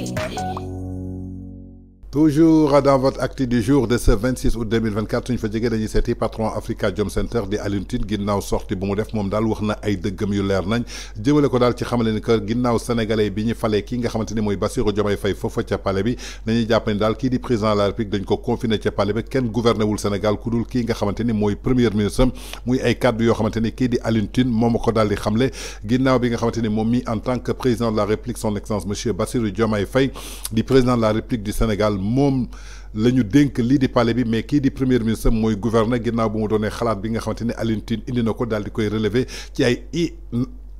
Yeah. toujours dans votre acte du jour de ce 26 août 2024 suñu fa jege dañuy seeti patron Africa Jom Center di Alioune Tine ginnaaw sorti bu mu def moom daal wax na ay dëggam yu leer nañ jëmale ko daal ci xamale ni que ginnaaw sénégalais bi ñu falee kii nga xamante ni Bassirou Diomaye Faye foofa ca palais bi nañuy jàpp ni daal di président de la République dañ ko confiné ca palais bi kenn gouverné wul Sénégal ku dul kii nga xamante ni premier ministre muy ay kàddu yoo xamante ni kii di Alioune Tine moom ko daal di xamle ginnaaw bi nga xamante ni mi en tant que président de la République son excellence monsieur Bassirou Diomaye Faye di président de la République du Sénégal mom le denk li di palais bi mais ki di premier ministre moy gouverneur ginnaw bu mu donné xalaat bi nga xamante Alintine Alioune indi na ko daal di koy relever ci ay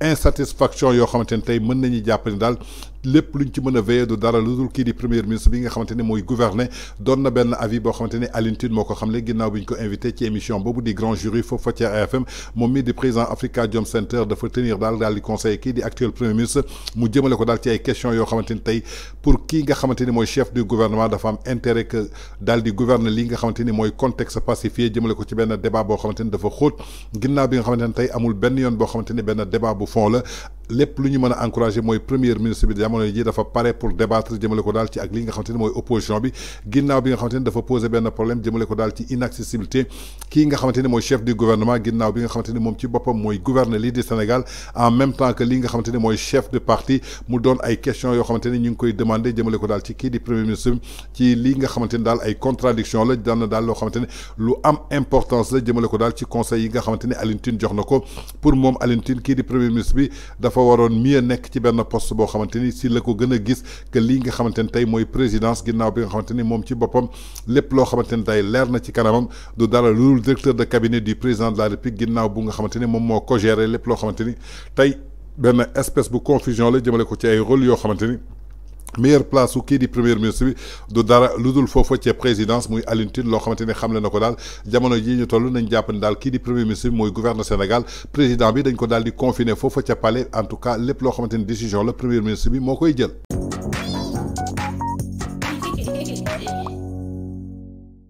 insatisfaction yo xamanteni tay meun nañu jàpp ne daal lépp luñ ci meuna a du dara lu ki di premier ministre bi nga xamanteni moy gouverner don na ben avis bo xamanteni ne moko xamle ko invité ci émission boobu di grand jury fo ci RFM moom di président Africa Jom Center dafa tenir dal dal di conseil ki di actuel premier ministre mu jëmele ko dal ci ay question yo xamanteni tay pour ki nga xamanteni moy chef du gouvernement dafa am intérêt que dal di gouverner li nga xamanteni moy contexte pacifié jëmele ko ci ben débat bo xamanteni ni dafa xoot ginnaw bi nga xamanteni tay amul ben yoon bo xamanteni ben débat bu vorne lépp lu ñu mën a encouragé mooy premier ministre bi jamono ji dafa pare pour débattre jëmale ko daal ci ak li nga xamante ne mooy opposition bi ginnaaw bi nga xamante ne dafa posé benn problème jëmale ko daal ci inaccessibilité kii nga xamante ne mooy chef du gouvernement ginnaaw bi nga xamante ne moom ci boppam mooy gouverneur lii di Sénégal en même temps que li nga xamante ne mooy chef de parti mu doon ay questions yoo xamante ne ñu ngi koy demandé jëmale ko daal ci kii di premier ministre ci li nga xamante ne daal ay contradiction la daan na daal loo xamante ne lu am importance la jëmale ko daal ci conseil yi nga xamante ne Alioune jox na ko pour moom alintine Tine kii di premier ministre bi dafa dafa waroon mieux nekk ci benn poste boo xamante ni si la ko gën a gis que lii nga xamante ni tey mooy présidence ginnaaw bi nga xamante ni moom ci boppam lépp loo xamante ni tey leer na ci kanamam du dara lu directeur de cabinet du président de la république ginnaaw bu nga xamante ni moom moo ko géré lépp loo xamante ni tey benn espèce bu confusion la jëmale ko ci ay rôle yoo xamante ni. meilleure place qui est di premier ministre de dara ludul fofu ci présidence muy Alioune lo loo xam ne xamle na jamono ji ñu tollu nañ jàpp dal premier ministre bi gouverneur Sénégal président bi dañ ko dal di confiner fofu ci palais en tout cas lepp lo xamante décision le premier ministre bi moo jël.